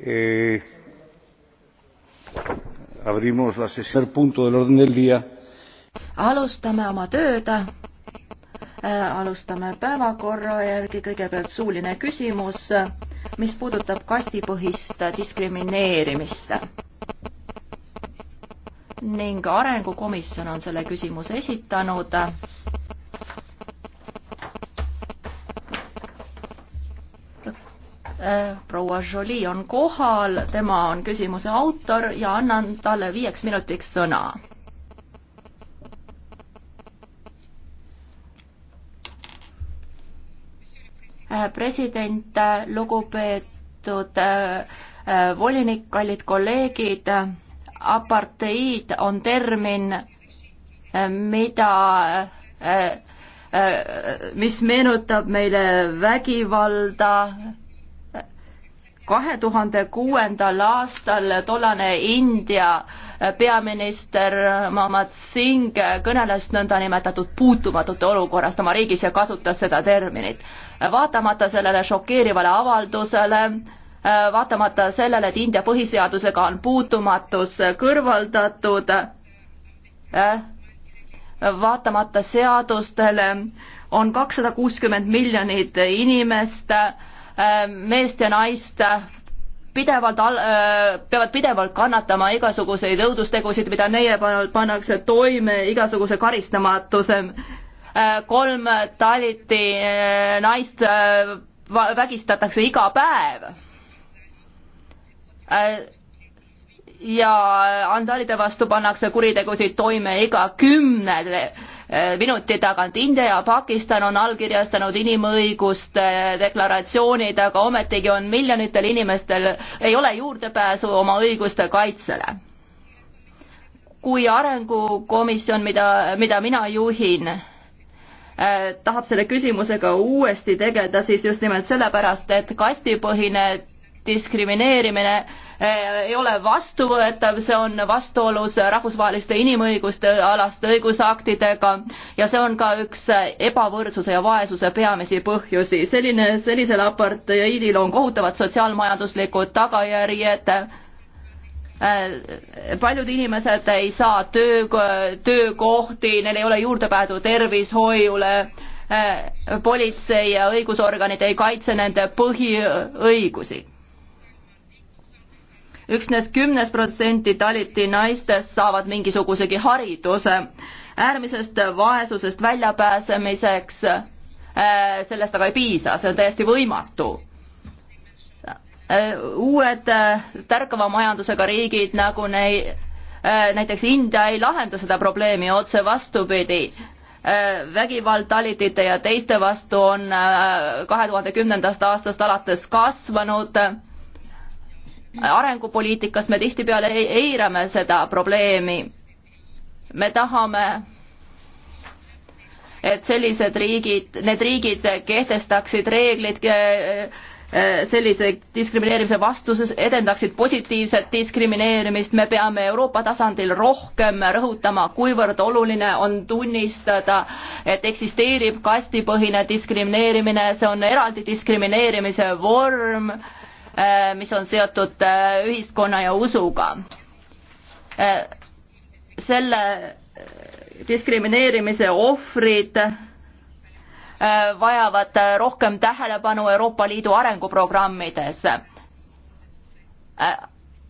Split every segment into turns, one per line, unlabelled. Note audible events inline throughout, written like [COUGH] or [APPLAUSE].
Eh, abrimos la sesión punto del orden del día.
alustame oma tööd. Eh, alustame päevakorra järgi kõigepealt suuline küsimus, mis puudutab kastipõhist diskrimineerimist. ning arengukomisjon on selle küsimuse esitanud proua Jolie on kohal, tema on küsimuse autor ja annan talle viieks minutiks sõna. president, lugupeetud äh, volinik, kallid kolleegid, aparteid on termin, äh, mida äh, mis meenutab meile vägivalda, kahe tuhande kuuendal aastal tollane India peaminister Mamad Singh kõneles nõndanimetatud puutumatute olukorrast oma riigis ja kasutas seda terminit. vaatamata sellele šokeerivale avaldusele, vaatamata sellele, et India põhiseadusega on puutumatus kõrvaldatud, vaatamata seadustele on kakssada kuuskümmend miljonit inimest Ähm, meest ja naist pidevalt al-, äh, peavad pidevalt kannatama igasuguseid õudustegusid, mida neile pannakse toime, igasuguse karistamatuse. Äh, kolm taliti äh, naist vägistatakse iga päev. ja andalide vastu pannakse kuritegusid toime iga kümne Eh, minuti tagant. India ja Pakistan on allkirjastanud inimõiguste eh, deklaratsioonid, aga ometigi on miljonitel inimestel, ei ole juurdepääsu oma õiguste kaitsele. kui arengukomisjon, mida, mida mina juhin, eh, tahab selle küsimusega uuesti tegeleda, siis just nimelt sellepärast, et kastipõhine diskrimineerimine eh, ei ole vastuvõetav, see on vastuolus rahvusvaheliste inimõiguste alaste õigusaktidega ja see on ka üks ebavõrdsuse ja vaesuse peamisi põhjusi. selline, sellisel apartheidil on kohutavad sotsiaalmajanduslikud tagajärjed eh, paljud inimesed ei saa töö, töökohti, neil ei ole juurdepääsu tervishoiule, eh, politsei ja õigusorganid ei kaitse nende põhiõigusi üksnes kümnes protsenti Taliti naistest saavad mingisugusegi hariduse. äärmisest vaesusest väljapääsemiseks äh, sellest aga ei piisa, see on täiesti võimatu. Äh, uued äh, tärkava majandusega riigid nagu nei-, näiteks India ei lahenda seda probleemi, otse vastupidi vägivald talitite ja teiste vastu on kahe tuhande kümnendast aastast alates kasvanud arengupoliitikas me tihtipeale eirame seda probleemi. me tahame, et sellised riigid, need riigid kehtestaksid reeglid eh, sellise diskrimineerimise vastuses, edendaksid positiivset diskrimineerimist, me peame Euroopa tasandil rohkem rõhutama, kuivõrd oluline on tunnistada, et eksisteerib kastipõhine diskrimineerimine, see on eraldi diskrimineerimise vorm Äh, mis on seotud äh, ühiskonna ja usuga. Äh, selle diskrimineerimise ohvrid vajavad rohkem tähelepanu Euroopa Liidu arenguprogrammides.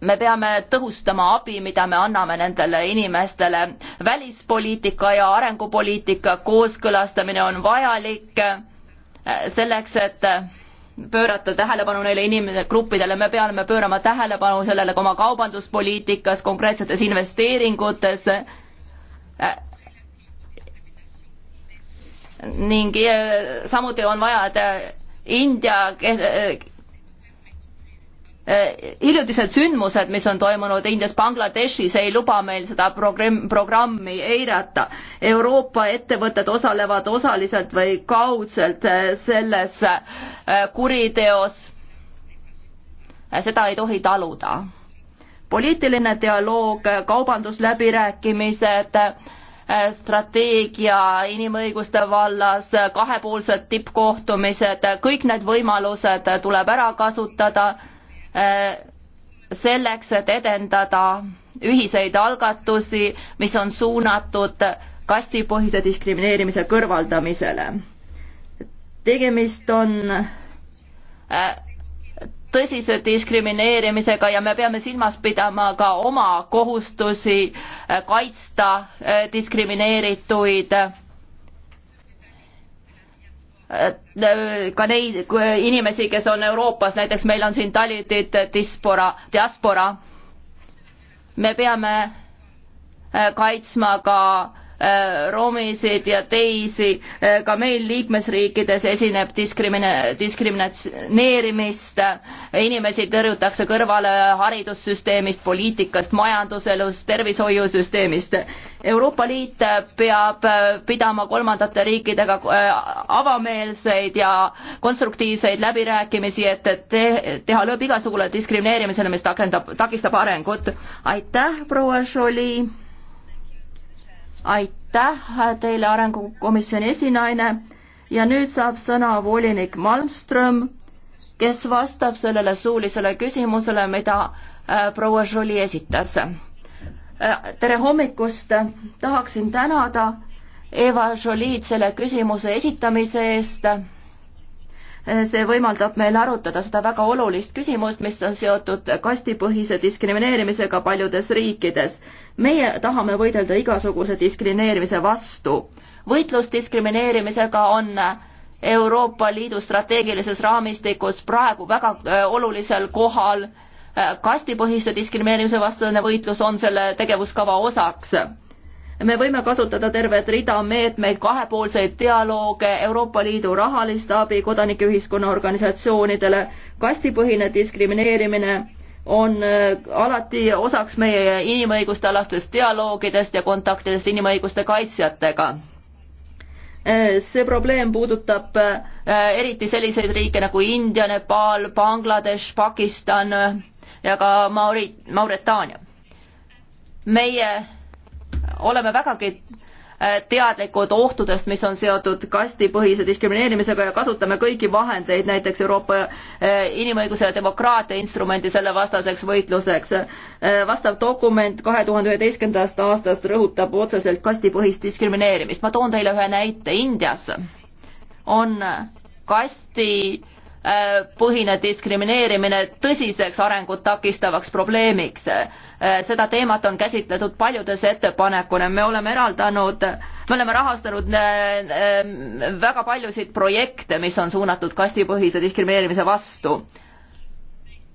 me peame tõhustama abi, mida me anname nendele inimestele. välispoliitika ja arengupoliitika kooskõlastamine on vajalik selleks, et pöörata tähelepanu neile inimesele, gruppidele, me peame pöörama tähelepanu sellele ka oma kaubanduspoliitikas, konkreetsetes investeeringutes äh, ning äh, samuti on vaja, et äh, India hiljutised sündmused, mis on toimunud Indias, Bangladeshis, ei luba meil seda programm, programmi eirata. Euroopa ettevõtted osalevad osaliselt või kaudselt selles äh, Äh, kuriteos. seda ei tohi taluda. poliitiline dialoog, kaubandusläbirääkimised, äh, strateegia inimõiguste vallas, kahepoolsed tippkohtumised, kõik need võimalused tuleb ära kasutada äh, selleks, et edendada ühiseid algatusi, mis on suunatud kastipõhise diskrimineerimise kõrvaldamisele tegemist on äh, tõsise diskrimineerimisega ja me peame silmas pidama ka oma kohustusi äh, kaitsta äh, diskrimineerituid ka neid inimesi, kes on Euroopas, näiteks meil on siin talitid, diaspora, diaspora. me peame kaitsma ka Äh, romisid ja teisi, äh, ka meil liikmesriikides esineb diskrimine-, diskrimineerimist, inimesi tõrjutakse kõrvale haridussüsteemist, poliitikast, majanduselust, tervishoiusüsteemist. Euroopa Liit peab pidama kolmandate riikidega äh, avameelseid ja konstruktiivseid läbirääkimisi, et, et te, teha lõpp igasugule diskrimineerimisele, mis takendab, takistab arengut. aitäh, proua Jolie! aitäh teile, Arengukomisjoni esinaine ja nüüd saab sõna volinik Malmström, kes vastab sellele suulisele küsimusele, mida äh, proua Jolie esitas. Äh, tere hommikust, tahaksin tänada Eva Jolied selle küsimuse esitamise eest see võimaldab meil arutada seda väga olulist küsimust, mis on seotud kastipõhise diskrimineerimisega paljudes riikides. meie tahame võidelda igasuguse diskrimineerimise vastu. võitlus diskrimineerimisega on Euroopa Liidu strateegilises raamistikus praegu väga äh, olulisel kohal. Äh, kastipõhise diskrimineerimise vastane võitlus on selle tegevuskava osaks me võime kasutada tervet rida meetmeid, kahepoolseid dialoog, Euroopa Liidu rahalist abi kodanikeühiskonna organisatsioonidele, kastipõhine diskrimineerimine on äh, alati osaks meie inimõiguste alastest dialoogidest ja kontaktidest inimõiguste kaitsjatega äh, see probleem puudutab äh, eriti selliseid riike nagu India, Nepal, Bangladesh, Pakistan ja ka Mauri-, Mauretaania. meie oleme vägagi äh, teadlikud ohtudest, mis on seotud kastipõhise diskrimineerimisega ja kasutame kõiki vahendeid, näiteks Euroopa äh, inimõiguse ja demokraatia instrumenti selle vastaseks võitluseks. Äh, vastav dokument kahe tuhande üheteistkümnendast aastast rõhutab otseselt kastipõhist diskrimineerimist. ma toon teile ühe näite, Indias on kasti põhine diskrimineerimine tõsiseks arengut takistavaks probleemiks. seda teemat on käsitletud paljudes ettepanekuna, me oleme eraldanud, me oleme rahastanud äh, äh, väga paljusid projekte, mis on suunatud kastipõhise diskrimineerimise vastu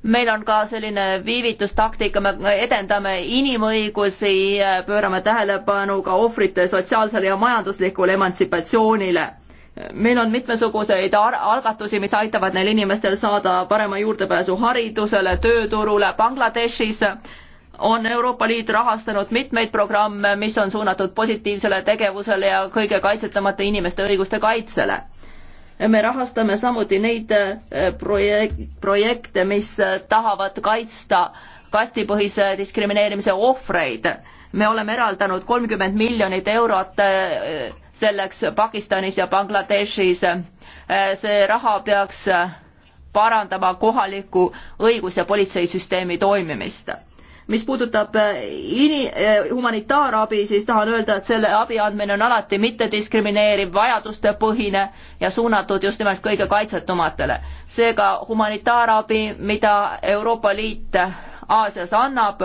meil on ka selline viivitustaktika, me edendame inimõigusi, pöörame tähelepanu ka ohvrite sotsiaalsele ja majanduslikule emantsipatsioonile meil on mitmesuguseid algatusi, mis aitavad neil inimestel saada parema juurdepääsu haridusele, tööturule, Bangladeshis on Euroopa Liit rahastanud mitmeid programme, mis on suunatud positiivsele tegevusele ja kõige kaitsetamata inimeste õiguste kaitsele. me rahastame samuti neid eh, projek-, projekte, mis tahavad kaitsta kastipõhise diskrimineerimise ohvreid me oleme eraldanud kolmkümmend miljonit eurot äh, selleks Pakistanis ja Bangladeshis. Äh, see raha peaks äh, parandama kohaliku õigus- ja politseisüsteemi toimimist mis puudutab ini-, humanitaarabi, siis tahan öelda, et selle abi andmine on alati mittediskrimineeriv, vajadustepõhine ja suunatud just nimelt kõige kaitsetumatele. seega humanitaarabi, mida Euroopa Liit Aasias annab,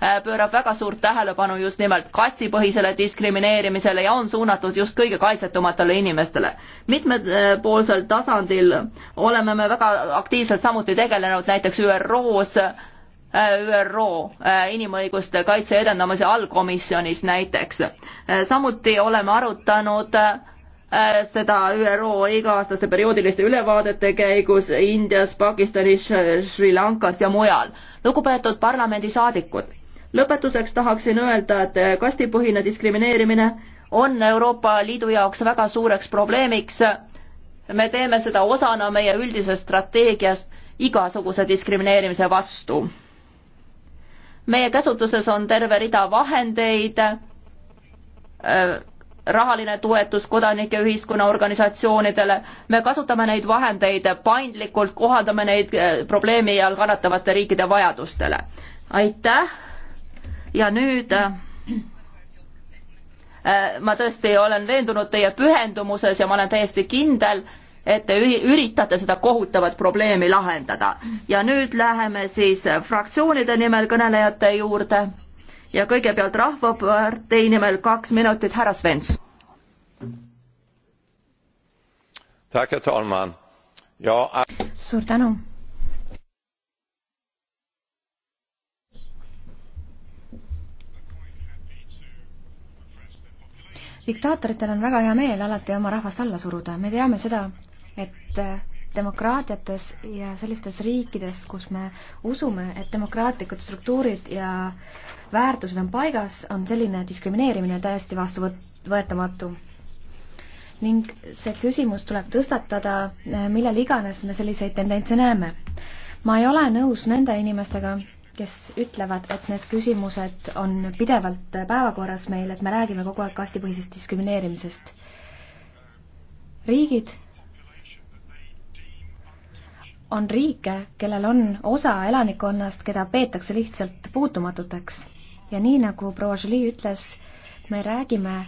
äh, pöörab väga suurt tähelepanu just nimelt kastipõhisele diskrimineerimisele ja on suunatud just kõige kaitsetumatele inimestele. mitmepoolsel tasandil oleme me väga aktiivselt samuti tegelenud näiteks ÜRO-s äh, ÜRO äh, inimõiguste kaitse edendamise allkomisjonis näiteks. samuti oleme arutanud Äh, seda ÜRO iga-aastaste perioodiliste ülevaadete käigus Indias, Pakistanis, Sri Lankas ja mujal. lugupeetud parlamendisaadikud, lõpetuseks tahaksin öelda, et kastipõhine diskrimineerimine on Euroopa Liidu jaoks väga suureks probleemiks. me teeme seda osana meie üldisest strateegiast igasuguse diskrimineerimise vastu. meie käsutuses on terve rida vahendeid äh, rahaline toetus kodanike ühiskonnaorganisatsioonidele. me kasutame neid vahendeid paindlikult, kohandame neid eh, probleemi all kannatavate riikide vajadustele. aitäh ja nüüd eh, eh, ma tõesti olen veendunud teie pühendumuses ja ma olen täiesti kindel, et te üritate seda kohutavat probleemi lahendada. ja nüüd läheme siis fraktsioonide nimel kõnelejate juurde ja kõigepealt Rahvapartei nimel kaks minutit, härra Svens. suur tänu.
diktaatoritel on väga hea meel alati oma rahvast alla suruda, me teame seda, et demokraatiates ja sellistes riikides, kus me usume, et demokraatlikud struktuurid ja väärtused on paigas, on selline diskrimineerimine täiesti vastuvõetamatu. ning see küsimus tuleb tõstatada, eh, millal iganes me selliseid tendentse näeme. ma ei ole nõus nende inimestega, kes ütlevad, et need küsimused on pidevalt päevakorras meil, et me räägime kogu aeg kastipõhisest diskrimineerimisest. riigid on riike, kellel on osa elanikkonnast, keda peetakse lihtsalt puutumatuteks. ja nii, nagu proua Jolie ütles, me räägime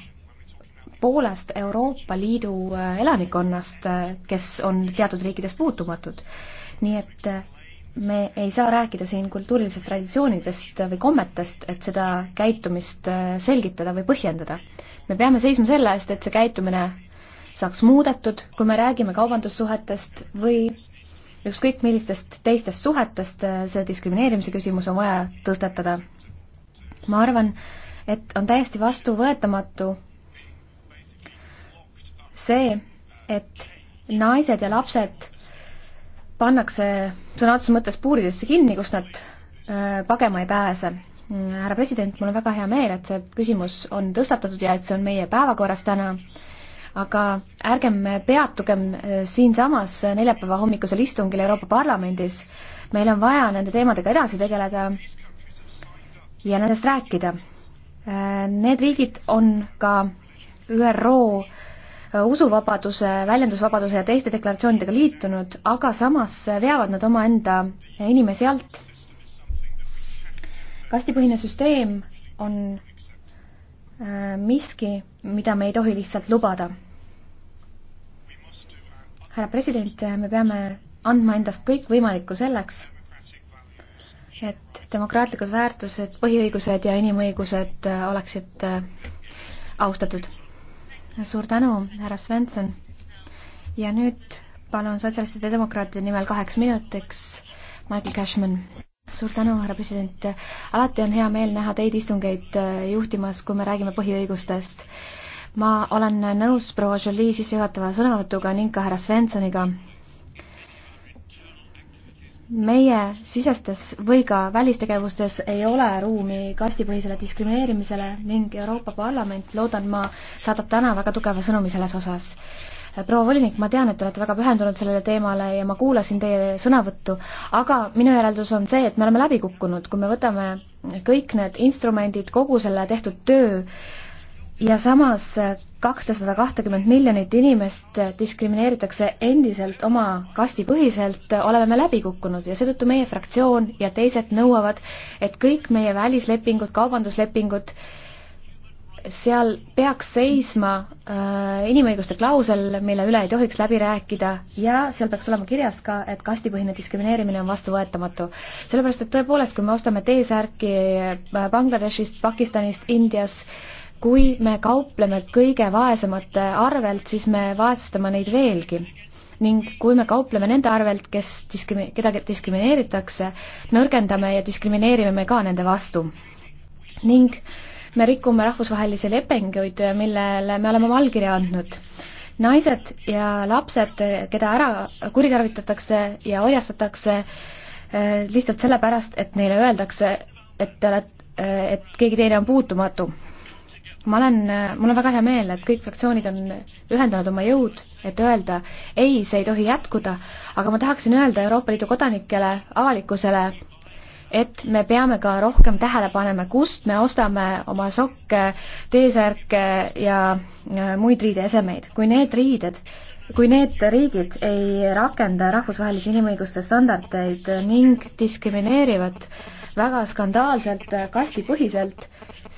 poolest Euroopa Liidu äh, elanikkonnast, äh, kes on teatud riikides puutumatud. nii et äh, me ei saa rääkida siin kultuurilisest traditsioonidest või kommetest, et seda käitumist selgitada või põhjendada. me peame seisma selle eest, et see käitumine saaks muudetud, kui me räägime kaubandussuhetest või ükskõik millistest teistest suhetest äh, see diskrimineerimise küsimus on vaja tõstatada. ma arvan, et on täiesti vastuvõetamatu see, et naised ja lapsed pannakse sõna otseses mõttes puuridesse kinni, kust nad äh, pagema ei pääse. Mm, härra president, mul on väga hea meel, et see küsimus on tõstatatud ja et see on meie päevakorras täna äh, aga ärgem peatugem äh, siinsamas neljapäeva hommikusel istungil Euroopa Parlamendis. meil on vaja nende teemadega edasi tegeleda ja nendest rääkida. Äh, need riigid on ka ÜRO äh, usuvabaduse, väljendusvabaduse ja teiste deklaratsioonidega liitunud, aga samas veavad nad omaenda inimesi alt. kastipõhine süsteem on Äh, miski, mida me ei tohi lihtsalt lubada. härra president, me peame andma endast kõikvõimalikku selleks, et demokraatlikud väärtused, põhiõigused ja inimõigused äh, oleksid äh, austatud. suur tänu, härra Svensson. ja nüüd palun sotsialistide demokraatide nimel kaheks minutiks Michael Cashman suur tänu, härra president. alati on hea meel näha teid istungeid äh, juhtimas, kui me räägime põhiõigustest. ma olen nõus proua Jolie sissejuhatava sõnavõtuga ning ka härra Svensoniga. meie sisestes või ka välistegevustes ei ole ruumi kastipõhisele diskrimineerimisele ning Euroopa Parlament, loodan ma, saadab täna väga tugeva sõnumi selles osas proua volinik, ma tean, et te olete väga pühendunud sellele teemale ja ma kuulasin teie sõnavõttu, aga minu järeldus on see, et me oleme läbi kukkunud, kui me võtame kõik need instrumendid, kogu selle tehtud töö ja samas kakssada kahtekümmet miljonit inimest diskrimineeritakse endiselt oma kastipõhiselt, oleme me läbi kukkunud ja seetõttu meie fraktsioon ja teised nõuavad, et kõik meie välislepingud, kaubanduslepingud äh, seal peaks seisma äh, inimõiguste klausel, mille üle ei tohiks läbi rääkida ja seal peaks olema kirjas ka, et kastipõhine diskrimineerimine on vastuvõetamatu. sellepärast, et tõepoolest, kui me ostame T-särki äh, Bangladeshist, Pakistanist, Indias, kui me kaupleme kõige vaesemate arvelt, siis me vaesestame neid veelgi. ning kui me kaupleme nende arvelt, kes diskrimi-, keda diskrimineeritakse, nõrgendame ja diskrimineerime me ka nende vastu. ning äh, me rikume rahvusvahelisi lepinguid, millele me oleme oma allkirja andnud. naised ja lapsed, keda ära kuritarvitatakse ja orjastatakse eh, lihtsalt sellepärast, et neile öeldakse, et te olete, eh, et keegi teine on puutumatu ma olen, eh, mul on väga hea meel, et kõik fraktsioonid on ühendanud oma jõud, et öelda ei, see ei tohi jätkuda, aga ma tahaksin öelda Euroopa Liidu kodanikele, avalikkusele, et me peame ka rohkem tähele panema, kust me ostame oma sokke, T-särke ja äh, muid riideesemeid. kui need riided, kui need riigid ei rakenda rahvusvahelisi inimõiguste standardeid ning diskrimineerivad väga skandaalselt, äh, kastipõhiselt,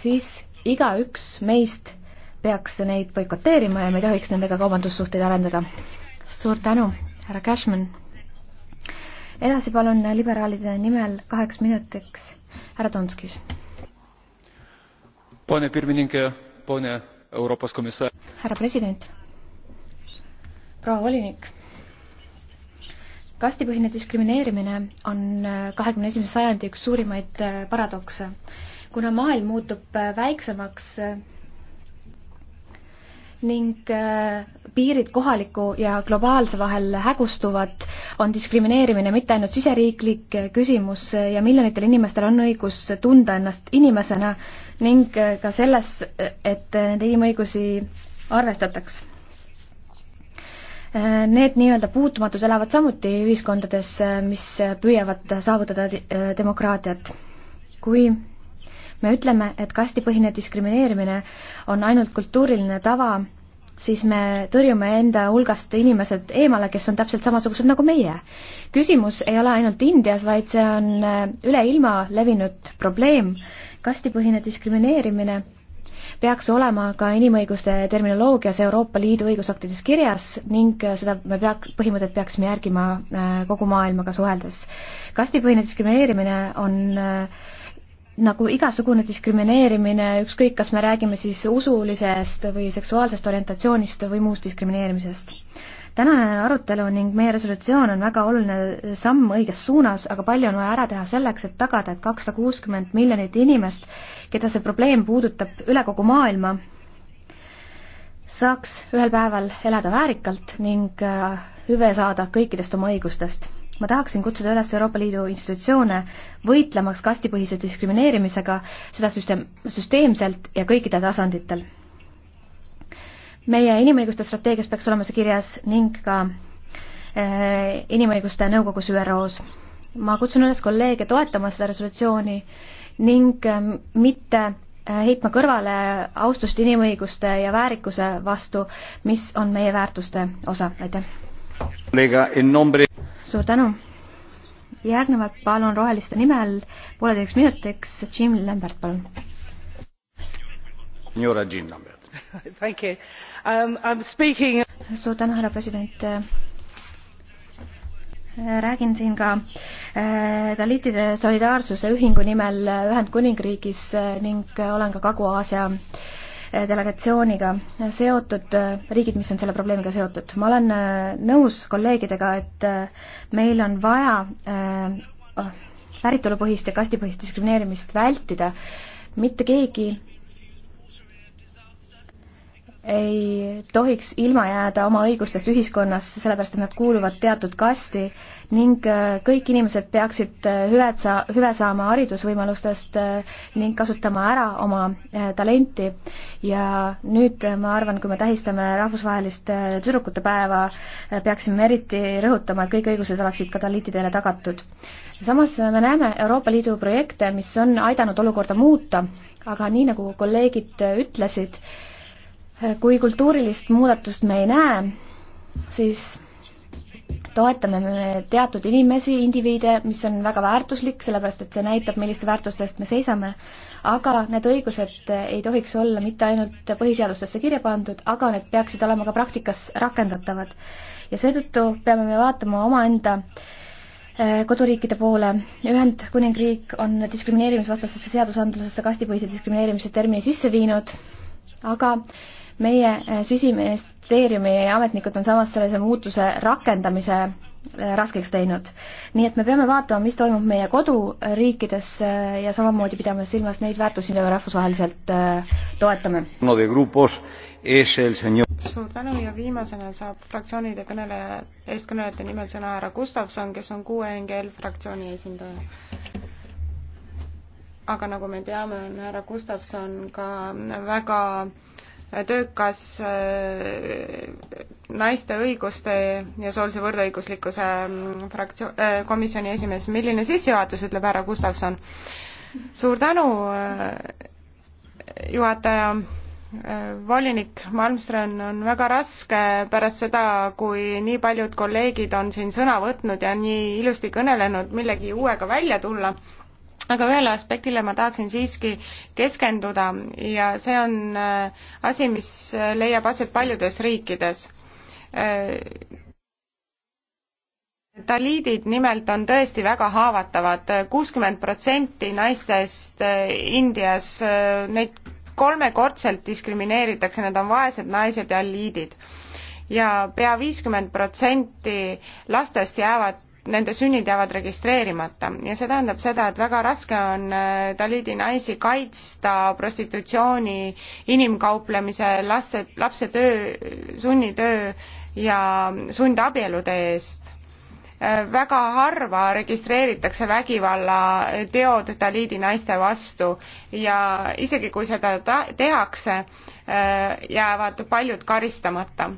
siis igaüks meist peaks neid boikoteerima ja me ei tohiks nendega kaubandussuhteid arendada. suur tänu, härra Cashman! edasi palun liberaalide nimel kaheks minutiks härra Donskis. härra president, proua volinik kastipõhine diskrimineerimine on kahekümne esimese sajandi üks suurimaid paradokse. kuna maailm muutub väiksemaks, ning äh, piirid kohaliku ja globaalse vahel hägustuvad, on diskrimineerimine mitte ainult siseriiklik äh, küsimus äh, ja miljonitel inimestel on õigus tunda ennast inimesena ning ka selles, et nende inimõigusi arvestataks. Need nii-öelda puutumatus elavad samuti ühiskondades, mis püüavad saavutada demokraatiat. kui me ütleme, et kastipõhine diskrimineerimine on ainult kultuuriline tava, siis me tõrjume enda hulgast inimesed eemale, kes on täpselt samasugused nagu meie. küsimus ei ole ainult Indias, vaid see on äh, üle ilma levinud probleem. kastipõhine diskrimineerimine peaks olema ka inimõiguste terminoloogias Euroopa Liidu õigusaktides kirjas ning äh, seda me peaks, põhimõtet peaksime järgima äh, kogu maailmaga suheldes. kastipõhine diskrimineerimine on äh, nagu igasugune diskrimineerimine, ükskõik, kas me räägime siis usulisest või seksuaalsest orientatsioonist või muust diskrimineerimisest. tänane arutelu ning meie resolutsioon on väga oluline samm õiges suunas, aga palju on vaja ära teha selleks, et tagada, et kakssada kuuskümmend miljonit inimest, keda see probleem puudutab üle kogu maailma, saaks ühel päeval elada väärikalt ning äh, hüve saada kõikidest oma õigustest ma tahaksin kutsuda üles Euroopa Liidu institutsioone võitlemaks kastipõhise diskrimineerimisega, seda süsteem, süsteemselt ja kõikidel tasanditel. meie inimõiguste strateegias peaks olema see kirjas ning ka äh, inimõiguste nõukogus ÜRO-s. ma kutsun üles kolleege toetama seda resolutsiooni ning äh, mitte eh, heitma kõrvale austust inimõiguste ja väärikuse vastu, mis on meie väärtuste osa, aitäh! suur tänu. järgnevalt palun Roheliste nimel pooleteiseks minutiks Jim Lambert, palun.
Signora Jim Lambert. [LAUGHS] Thank you um,. I m
speaking. suur tänu, härra president räägin siin ka äh, Dalitide solidaarsuse ühingu nimel Ühendkuningriigis äh, ning äh, olen ka Kagu-Aasia äh, delegatsiooniga seotud, riigid, mis on selle probleemiga seotud. ma olen äh, nõus kolleegidega, et äh, meil on vaja äh, oh, päritolupõhist ja kastipõhist diskrimineerimist vältida. mitte keegi ei tohiks ilma jääda oma õigustest ühiskonnas, sellepärast et nad kuuluvad teatud kasti ning äh, kõik inimesed peaksid äh, hüved saa-, hüve saama haridusvõimalustest äh, ning kasutama ära oma talenti. ja nüüd ma arvan, kui me tähistame rahvusvahelist tüdrukute päeva, peaksime eriti rõhutama, et kõik õigused oleksid ka taliitidele tagatud. samas me näeme Euroopa Liidu projekte, mis on aidanud olukorda muuta, aga nii, nagu kolleegid ütlesid, kui kultuurilist muudatust me ei näe, siis toetame me teatud inimesi, indiviide, mis on väga väärtuslik, sellepärast et see näitab, milliste väärtuste eest me seisame, aga need õigused ei tohiks olla mitte ainult põhiseadustesse kirja pandud, aga need peaksid olema ka praktikas rakendatavad. ja seetõttu peame me vaatama omaenda eh, koduriikide poole. Ühendkuningriik on diskrimineerimisvastasesse seadusandlusesse kastipõhise diskrimineerimise termini sisse viinud, aga äh, meie eh, siseministeeriumi ametnikud on samas sellise muutuse rakendamise eh, raskeks teinud. nii et me peame vaatama, mis toimub meie koduriikides eh, ja samamoodi pidama silmas neid väärtusi, mida me rahvusvaheliselt toetame
no. suur tänu ja viimasena saab fraktsioonide kõneleja, eestkõnelejate nimel sõna härra Gustavson, kes on kuue NGL fraktsiooni esindaja. aga nagu me teame, on härra Gustavson ka väga töökas äh, naiste õiguste ja soolise võrdõiguslikkuse mm, fraktsioon, äh, komisjoni esimees, milline sissejuhatus, ütleb härra Gustavson. suur tänu, äh, juhataja volinik Malmström on väga raske pärast seda, kui nii paljud kolleegid on siin sõna võtnud ja nii ilusti kõnelenud, millegi uuega välja tulla aga ühele aspektile ma tahtsin siiski keskenduda ja see on äh, asi, mis äh, leiab aset paljudes riikides. Äh, taliidid nimelt on tõesti väga haavatavad, kuuskümmend protsenti naistest Indias, neid kolmekordselt diskrimineeritakse, nad on vaesed naised ja liidid. ja pea viiskümmend protsenti lastest jäävad nende sünnid jäävad registreerimata ja see tähendab seda, et väga raske on äh, taliidi naisi kaitsta prostitutsiooni, inimkauplemise, laste, lapsetöö, sunnitöö ja sundabielude eest. Äh, väga harva registreeritakse vägivallateod taliidi naiste vastu ja isegi kui seda ta-, tehakse, äh, jäävad paljud karistamata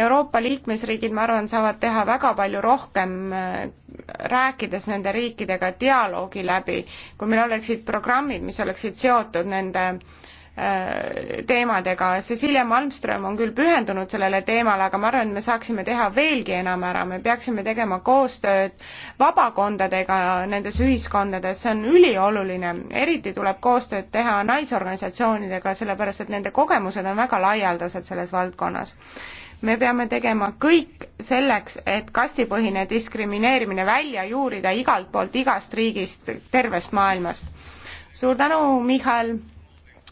Euroopa liikmesriigid, ma arvan, saavad teha väga palju rohkem, äh, rääkides nende riikidega dialoogi läbi, kui meil oleksid programmid, mis oleksid seotud nende äh, teemadega, Cecilia Malmström on küll pühendunud sellele teemale, aga ma arvan, et me saaksime teha veelgi enam ära, me peaksime tegema koostööd vabakondadega nendes ühiskondades, see on ülioluline, eriti tuleb koostööd teha naisorganisatsioonidega, sellepärast et nende kogemused on väga laialdased selles valdkonnas me peame tegema kõik selleks, et kastipõhine diskrimineerimine välja juurida igalt poolt, igast riigist, tervest maailmast. suur tänu, Michal,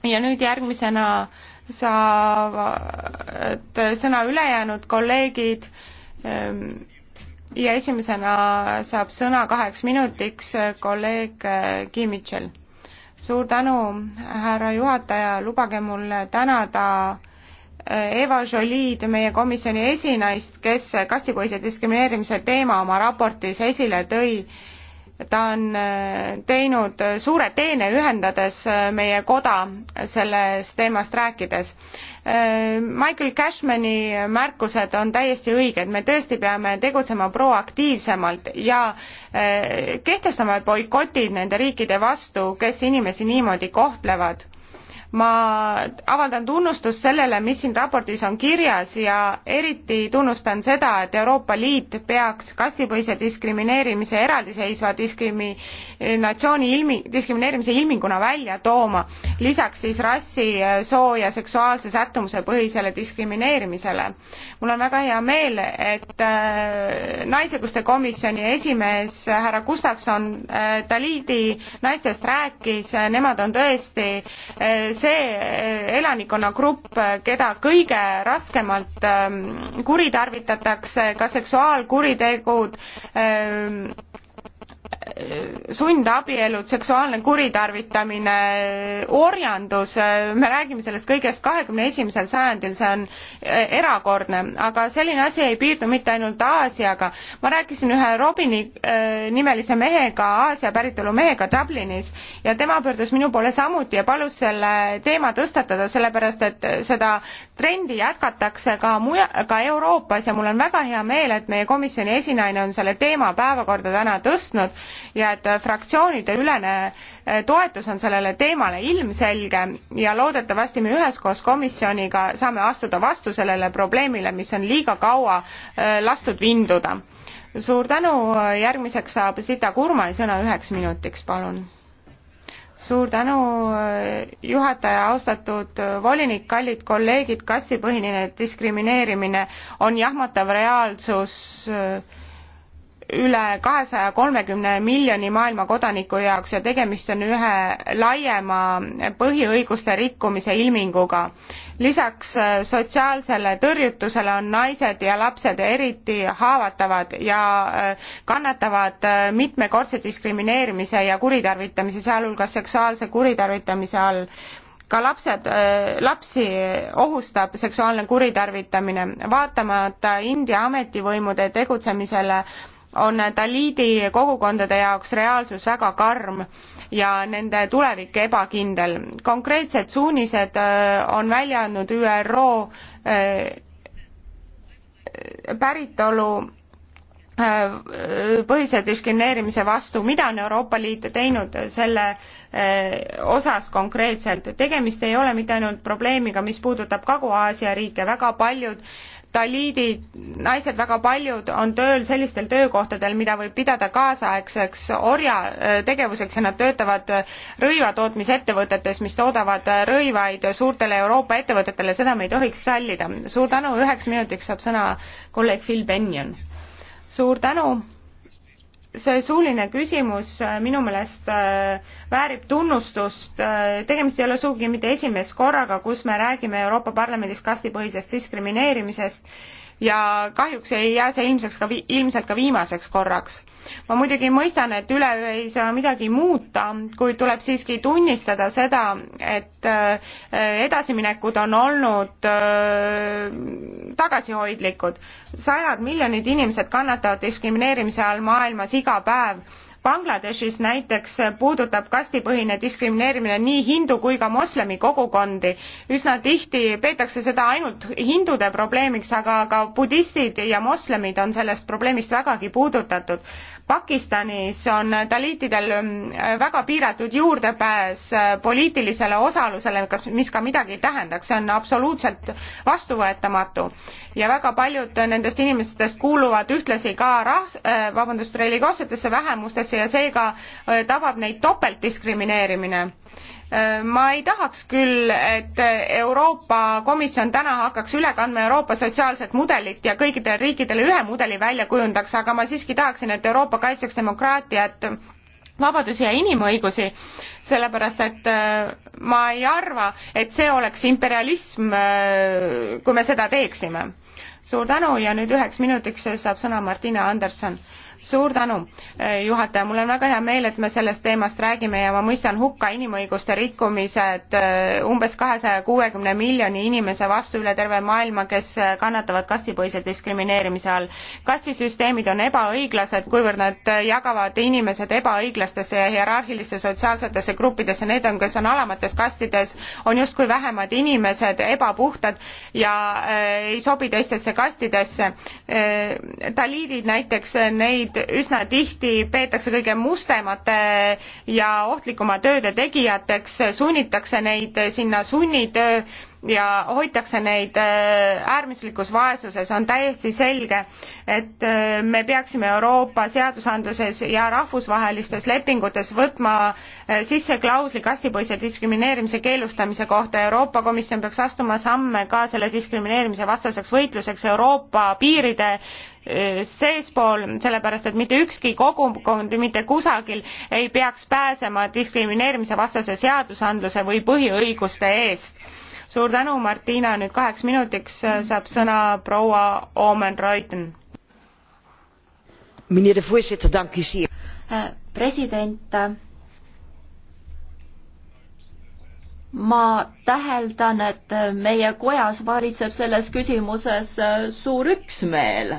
ja nüüd järgmisena saavad sõna ülejäänud kolleegid ehm, ja esimesena saab sõna kaheks minutiks kolleeg Kim eh, Mitchell. suur tänu, härra juhataja, lubage mul tänada Eva Jolid, meie komisjoni esinaist, kes kastipoisi diskrimineerimise teema oma raportis esile tõi. ta on äh, teinud suure teene, ühendades äh, meie koda sellest teemast rääkides. Äh, Michael Cashmani märkused on täiesti õiged, me tõesti peame tegutsema proaktiivsemalt ja kehtestama boikotid nende riikide vastu, kes inimesi niimoodi kohtlevad ma avaldan tunnustust sellele, mis siin raportis on kirjas ja eriti tunnustan seda, et Euroopa Liit peaks kastipõhise diskrimineerimise eraldiseisva diskriminatsiooni ilmi, diskrimineerimise ilminguna välja tooma, lisaks siis rassi, soo ja seksuaalse sättumuse põhisele diskrimineerimisele. mul on väga hea meel, et äh, Naisõiguste komisjoni esimees härra Gustavson äh, Taliidi naistest rääkis, nemad on tõesti äh, see eh, elanikkonnagrupp, keda kõige raskemalt ehm, kuritarvitatakse, ka seksuaalkuriteod ehm, sundabielud, seksuaalne kuritarvitamine, orjandus, me räägime sellest kõigest kahekümne esimesel sajandil, see on eh, erakordne, aga selline asi ei piirdu mitte ainult Aasiaga. ma rääkisin ühe Robini eh, nimelise mehega, Aasia päritolu mehega Dublinis ja tema pöördus minu poole samuti ja palus selle teema tõstatada, sellepärast et seda trendi jätkatakse ka muja, ka Euroopas ja mul on väga hea meel, et meie komisjoni esinaine on selle teema päevakorda täna tõstnud ja et fraktsioonide ülene eh, toetus on sellele teemale ilmselge ja loodetavasti me üheskoos komisjoniga saame astuda vastu sellele probleemile, mis on liiga kaua eh, lastud vinduda. suur tänu, eh, järgmiseks saab Sita Kurmai sõna üheks minutiks, palun suur tänu, äh, juhataja, austatud äh, volinik, kallid kolleegid, kastipõhine diskrimineerimine on jahmatav reaalsus äh, üle kahesaja kolmekümne miljoni maailma kodaniku jaoks ja tegemist on ühe laiema põhiõiguste rikkumise ilminguga. lisaks äh, sotsiaalsele tõrjutusele on naised ja lapsed eriti haavatavad ja äh, kannatavad äh, mitmekordse diskrimineerimise ja kuritarvitamise, sealhulgas seksuaalse kuritarvitamise all ka lapsed, lapsi ohustab seksuaalne kuritarvitamine. vaatamata India ametivõimude tegutsemisele on Dalidi kogukondade jaoks reaalsus väga karm ja nende tulevik ebakindel. konkreetsed suunised äh, on välja andnud ÜRO äh, päritolu äh, põhise diskrimineerimise vastu, mida on Euroopa Liit teinud selle osas konkreetselt, tegemist ei ole mitte ainult probleemiga, mis puudutab Kagu-Aasia riike, väga paljud taliidid, naised väga paljud on tööl sellistel töökohtadel, mida võib pidada kaasaegseks orjategevuseks ja nad töötavad rõivatootmisettevõtetes, mis toodavad rõivaid suurtele Euroopa ettevõtetele, seda me ei tohiks sallida. suur tänu, üheks minutiks saab sõna kolleeg Phil Benjon. suur tänu see suuline küsimus äh, minu meelest äh, väärib tunnustust, äh, tegemist ei ole sugugi mitte esimest korraga, kus me räägime Euroopa Parlamendis kastipõhisest diskrimineerimisest ja kahjuks ei jää see ilmseks ka vi-, ilmselt ka viimaseks korraks. ma muidugi mõistan, et üleöö ei saa midagi muuta, kuid tuleb siiski tunnistada seda, et äh, edasiminekud on olnud äh, tagasihoidlikud. sajad miljonid inimesed kannatavad diskrimineerimise all maailmas iga päev Bangladeshis näiteks puudutab kastipõhine diskrimineerimine nii hindu kui ka moslemi kogukondi. üsna tihti peetakse seda ainult hindude probleemiks, aga ka budistid ja moslemid on sellest probleemist vägagi puudutatud. Pakistanis on taliitidel mm, väga piiratud juurdepääs äh, poliitilisele osalusele, kas, mis ka midagi ei tähendaks, see on absoluutselt vastuvõetamatu. ja väga paljud nendest inimestest kuuluvad ühtlasi ka rah-, äh, vabandust, religioossetesse vähemustesse, õigusi ja seega äh, tabab neid topeltdiskrimineerimine äh, ma ei tahaks küll, et äh, Euroopa Komisjon täna hakkaks üle kandma Euroopa sotsiaalset mudelit ja kõikidele riikidele ühe mudeli välja kujundaks, aga ma siiski tahaksin, et Euroopa kaitseks demokraatiat, vabadusi ja inimõigusi, sellepärast et ma ei arva, et see oleks imperialism, kui me seda teeksime. suur tänu ja nüüd üheks minutiks saab sõna Martina Anderson suur tänu, eh, juhataja, mul on väga hea meel, et me sellest teemast räägime ja ma mõistan hukka inimõiguste rikkumised eh, umbes kahesaja kuuekümne miljoni inimese vastu üle terve maailma, kes eh, kannatavad kastipõhise diskrimineerimise all. kastisüsteemid on ebaõiglased, kuivõrd nad jagavad inimesed ebaõiglastesse ja hierarhilistesse sotsiaalsetesse gruppidesse, need on, kes on alamates kastides, on justkui vähemad inimesed, ebapuhtad ja äh, ei sobi teistesse kastidesse äh,. taliidid näiteks, neid neid üsna tihti peetakse kõige mustemate ja ohtlikuma tööde tegijateks, sunnitakse neid sinna sunnitöö ja hoitakse neid äh, äärmuslikus vaesuses, on täiesti selge, et äh, me peaksime Euroopa seadusandluses ja rahvusvahelistes lepingutes võtma äh, sisse klausli kastipõhise diskrimineerimise keelustamise kohta. Euroopa Komisjon peaks astuma samme ka selle diskrimineerimise vastaseks võitluseks Euroopa piiride Eh, seespool, sellepärast et mitte ükski kogukond mitte kusagil ei peaks pääsema diskrimineerimise vastase seadusandluse või põhiõiguste eest. suur tänu, Martina, nüüd kaheks minutiks eh, saab sõna proua Omen Reuten. Eh, president,
ma täheldan, et meie kojas valitseb selles küsimuses suur üksmeel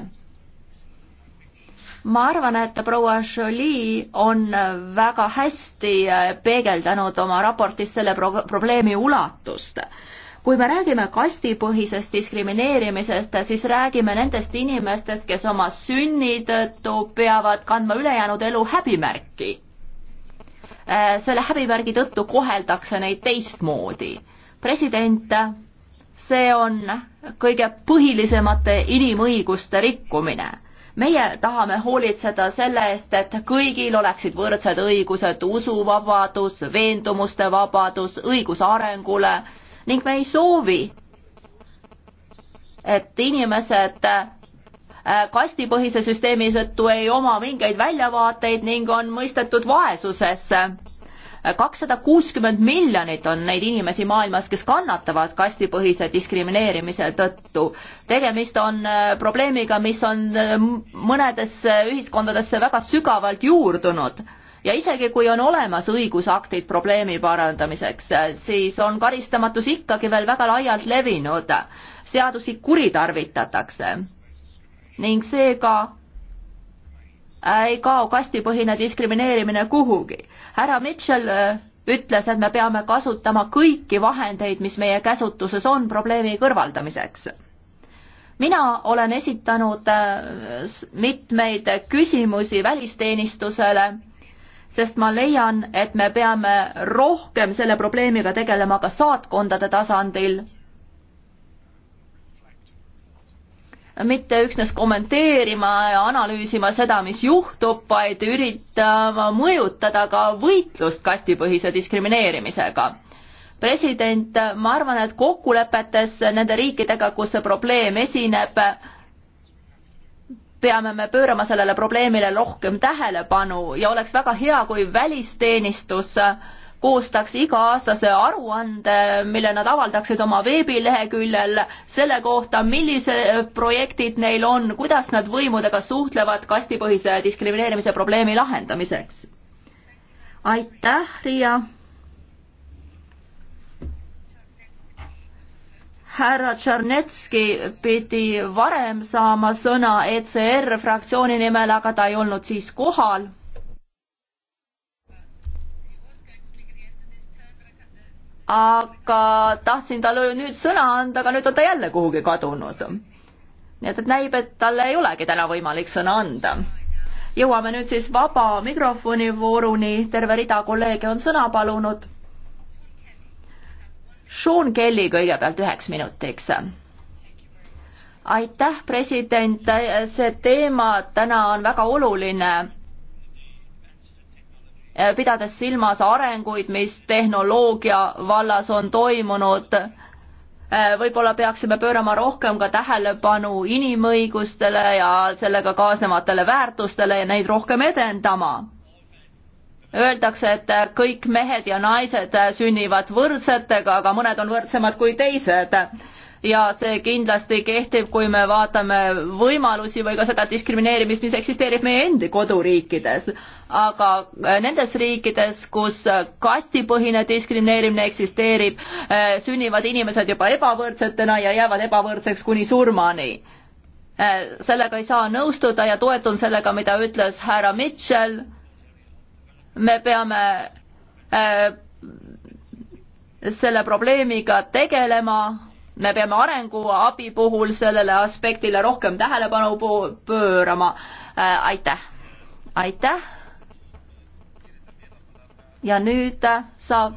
ma arvan, et proua Jolie on väga hästi peegeldanud oma raportis selle pro probleemi ulatust kui me räägime kastipõhisest diskrimineerimisest, siis räägime nendest inimestest, kes oma sünni tõttu peavad kandma ülejäänud elu häbimärki. selle häbimärgi tõttu koheldakse neid teistmoodi. president, see on kõige põhilisemate inimõiguste rikkumine meie tahame hoolitseda selle eest, et kõigil oleksid võrdsed õigused, usuvabadus, veendumuste vabadus, õigus arengule ning me ei soovi, et inimesed äh, kastipõhise süsteemi tõttu ei oma mingeid väljavaateid ning on mõistetud vaesusesse kakssada kuuskümmend miljonit on neid inimesi maailmas, kes kannatavad kastipõhise diskrimineerimise tõttu. tegemist on äh, probleemiga, mis on äh, mõnedesse ühiskondadesse väga sügavalt juurdunud ja isegi kui on olemas õigusaktid probleemi parandamiseks, äh, siis on karistamatus ikkagi veel väga laialt levinud. seadusi kuritarvitatakse ning seega ei kao kastipõhine diskrimineerimine kuhugi. härra Mitchell äh, ütles, et me peame kasutama kõiki vahendeid, mis meie käsutuses on probleemi kõrvaldamiseks. mina olen esitanud äh, mitmeid küsimusi välisteenistusele, sest ma leian, et me peame rohkem selle probleemiga tegelema ka saatkondade tasandil mitte üksnes kommenteerima ja analüüsima seda, mis juhtub, vaid üritama mõjutada ka võitlust kastipõhise diskrimineerimisega. president, ma arvan, et kokkulepetes nende riikidega, kus see probleem esineb, peame me pöörama sellele probleemile rohkem tähelepanu ja oleks väga hea, kui välisteenistus äh, koostaks iga-aastase aruande, mille nad avaldaksid oma veebileheküljel selle kohta, millised äh, projektid neil on, kuidas nad võimudega suhtlevad kastipõhise diskrimineerimise probleemi lahendamiseks. aitäh, Riia. härra Tšernetski pidi varem saama sõna ECR fraktsiooni nimel, aga ta ei olnud siis kohal aga tahtsin talle nüüd sõna anda, aga nüüd on ta jälle kuhugi kadunud. nii et, et näib, et talle ei olegi täna võimalik sõna anda. jõuame nüüd siis vaba mikrofoni vooruni, terve rida kolleege on sõna palunud. Sean Kelly kõigepealt üheks minutiks aitäh, president, see teema täna on väga oluline Äh, pidades silmas arenguid, mis tehnoloogia vallas on toimunud, äh, võib-olla peaksime pöörama rohkem ka tähelepanu inimõigustele ja sellega kaasnevatele väärtustele ja neid rohkem edendama. Öeldakse, et kõik mehed ja naised sünnivad võrdsetega, aga mõned on võrdsemad kui teised ja see kindlasti kehtib, kui me vaatame võimalusi või ka seda diskrimineerimist, mis eksisteerib meie endi koduriikides. aga äh, nendes riikides, kus äh, kastipõhine diskrimineerimine eksisteerib, äh, sünnivad inimesed juba ebavõrdsetena ja jäävad ebavõrdseks kuni surmani sellega ei saa nõustuda ja toetun sellega, mida ütles härra Mitchell. me peame äh, selle probleemiga tegelema me peame arenguabi puhul sellele aspektile rohkem tähelepanu pöörama. Äh, aitäh, aitäh. ja nüüd äh, saab,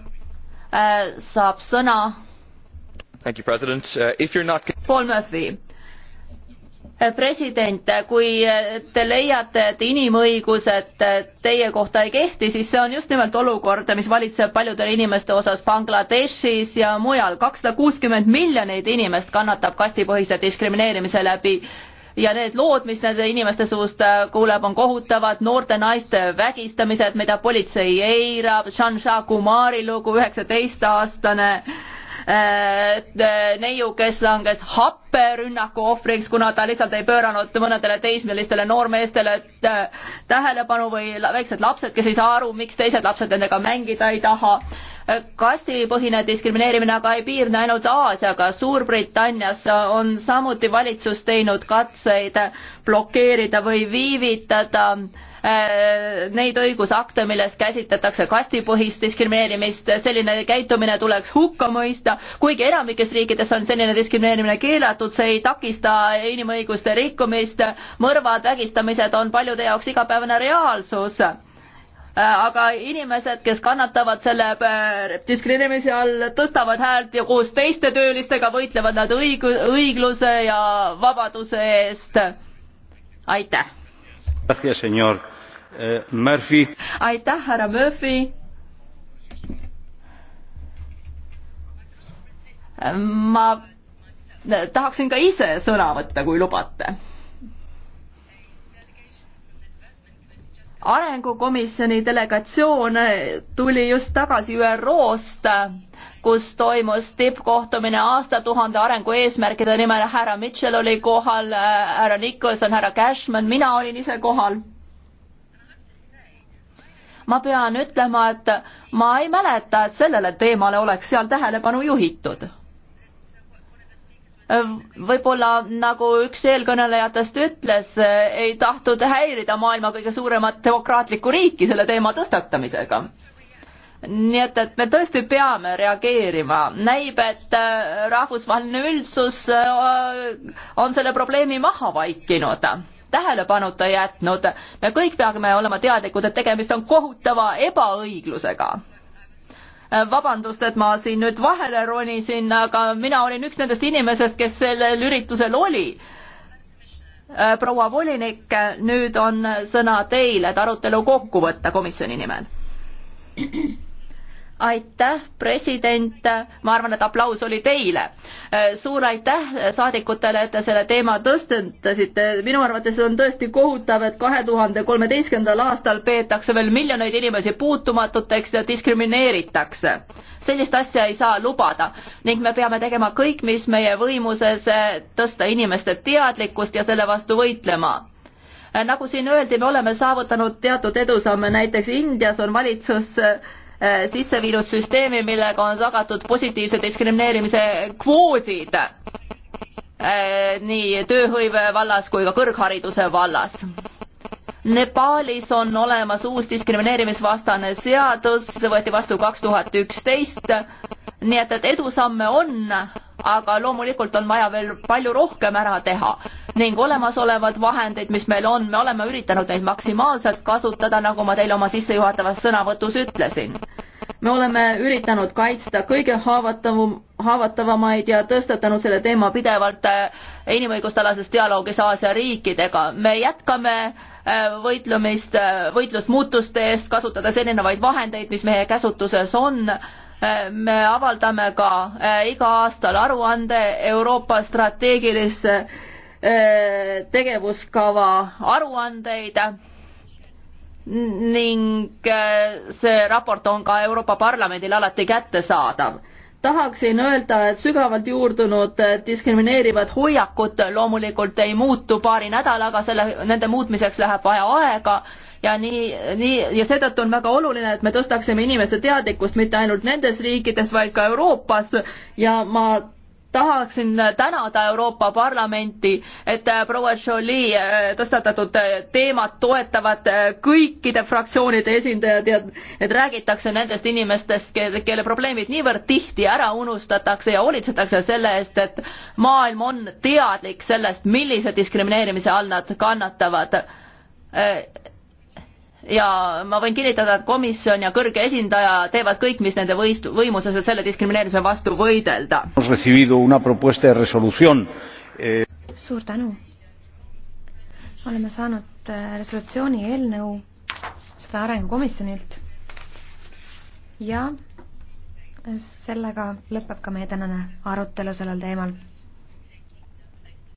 äh, saab sõna. Not... Paul Murphy president, kui te leiate, et inimõigused teie kohta ei kehti, siis see on just nimelt olukord, mis valitseb paljude inimeste osas Bangladeshis ja mujal. kakssada kuuskümmend miljonit inimest kannatab kastipõhise diskrimineerimise läbi ja need lood, mis nende inimeste suust kuuleb, on kohutavad, noorte naiste vägistamised, mida politsei eirab, Kumari lugu, üheksateist aastane äh, Äh, äh, neiu, kes langes happerünnaku ohvriks, kuna ta lihtsalt ei pööranud mõnedele teismelistele noormeestele äh, tähelepanu või väiksed lapsed, kes ei saa aru, miks teised lapsed nendega mängida ei taha. kastipõhine diskrimineerimine aga ei piirne ainult Aasiaga, Suurbritannias on samuti valitsus teinud katseid blokeerida või viivitada Äh, neid õigusakte, milles käsitletakse kastipõhist diskrimineerimist, selline käitumine tuleks hukka mõista, kuigi enamikes riikides on selline diskrimineerimine keelatud, see ei takista inimõiguste rikkumist, mõrvad, vägistamised on paljude jaoks igapäevane reaalsus äh, aga inimesed, kes kannatavad selle äh, diskrimineerimise all, tõstavad häält ja koos teiste töölistega võitlevad nad õig-, õigluse ja vabaduse eest. aitäh!
Gracias, señor Eh, Murphy.
aitäh, härra Murphy. ma tahaksin ka ise sõna võtta, kui lubate. arengukomisjoni delegatsioon tuli just tagasi ÜRO-st, kus toimus tippkohtumine aastatuhande arengu eesmärkide nimel. härra Mitchell oli kohal, härra Nicholson, härra Cashman, mina olin ise kohal ma pean ütlema, et ma ei mäleta, et sellele teemale oleks seal tähelepanu juhitud. võib-olla nagu üks eelkõnelejatest ütles, ei tahtnud häirida maailma kõige suuremat demokraatlikku riiki selle teema tõstatamisega nii et, et me tõesti peame reageerima. näib, et äh, rahvusvaheline üldsus äh, on selle probleemi maha vaikinud tähelepanuta jätnud. me kõik peame olema teadlikud, et tegemist on kohutava ebaõiglusega vabandust, et ma siin nüüd vahele ronisin, aga mina olin üks nendest inimesest, kes sellel üritusel oli. proua volinik, nüüd on sõna teil, et arutelu kokku võtta komisjoni nimel aitäh, president, ma arvan, et aplaus oli teile. Äh, suur aitäh saadikutele, et te selle teema tõstetasite, minu arvates on tõesti kohutav, et kahe tuhande kolmeteistkümnendal aastal peetakse veel miljoneid inimesi puutumatuteks ja diskrimineeritakse. sellist asja ei saa lubada ning me peame tegema kõik, mis meie võimuses, tõsta inimeste teadlikkust ja selle vastu võitlema äh, nagu siin öeldi, me oleme saavutanud teatud edusamme, näiteks Indias on valitsus äh, Äh, sisse viinud süsteemi, millega on tagatud positiivse diskrimineerimise kvoodid äh, nii tööhõive vallas kui ka kõrghariduse vallas Nepaalis on olemas uus diskrimineerimisvastane seadus, see võeti vastu kaks tuhat üksteist, nii et, et edusamme on, aga loomulikult on vaja veel palju rohkem ära teha ning olemasolevad vahendid, mis meil on, me oleme üritanud neid maksimaalselt kasutada, nagu ma teile oma sissejuhatavas sõnavõtus ütlesin. me oleme üritanud kaitsta kõige haavatavam, haavatavamaid ja tõstatanud selle teema pidevalt äh, inimõigustalases dialoogis Aasia riikidega. me jätkame äh, Äh, võitlemist, äh, võitlust muutuste eest, kasutades erinevaid vahendeid, mis meie käsutuses on. Äh, me avaldame ka iga aastal aruande Euroopa strateegilise tegevuskava aruandeid ning see raport on ka Euroopa Parlamendil alati kättesaadav tahaksin öelda, et sügavalt juurdunud äh, diskrimineerivad hoiakud loomulikult ei muutu paari nädalaga, selle, nende muutmiseks läheb vaja aega ja nii, nii ja seetõttu on väga oluline, et me tõstaksime inimeste teadlikkust mitte ainult nendes riikides, vaid ka Euroopas ja ma tahaksin tänada Euroopa Parlamenti, et äh, proua Jolie äh, tõstatatud äh, teemat toetavad kõikide fraktsioonide esindajad ja et räägitakse nendest inimestest, kelle probleemid niivõrd tihti ära unustatakse ja hoolitsetakse selle eest, et maailm on teadlik sellest, millise diskrimineerimise all nad kannatavad ja ma võin kinnitada, et komisjon ja kõrge esindaja teevad kõik, mis nende võist-, võimuses, et selle diskrimineerimise vastu võidelda. Eh, suur tänu. oleme
saanud eh, resolutsiooni eelnõu seda arengukomisjonilt ja sellega lõpeb ka meie tänane arutelu sellel teemal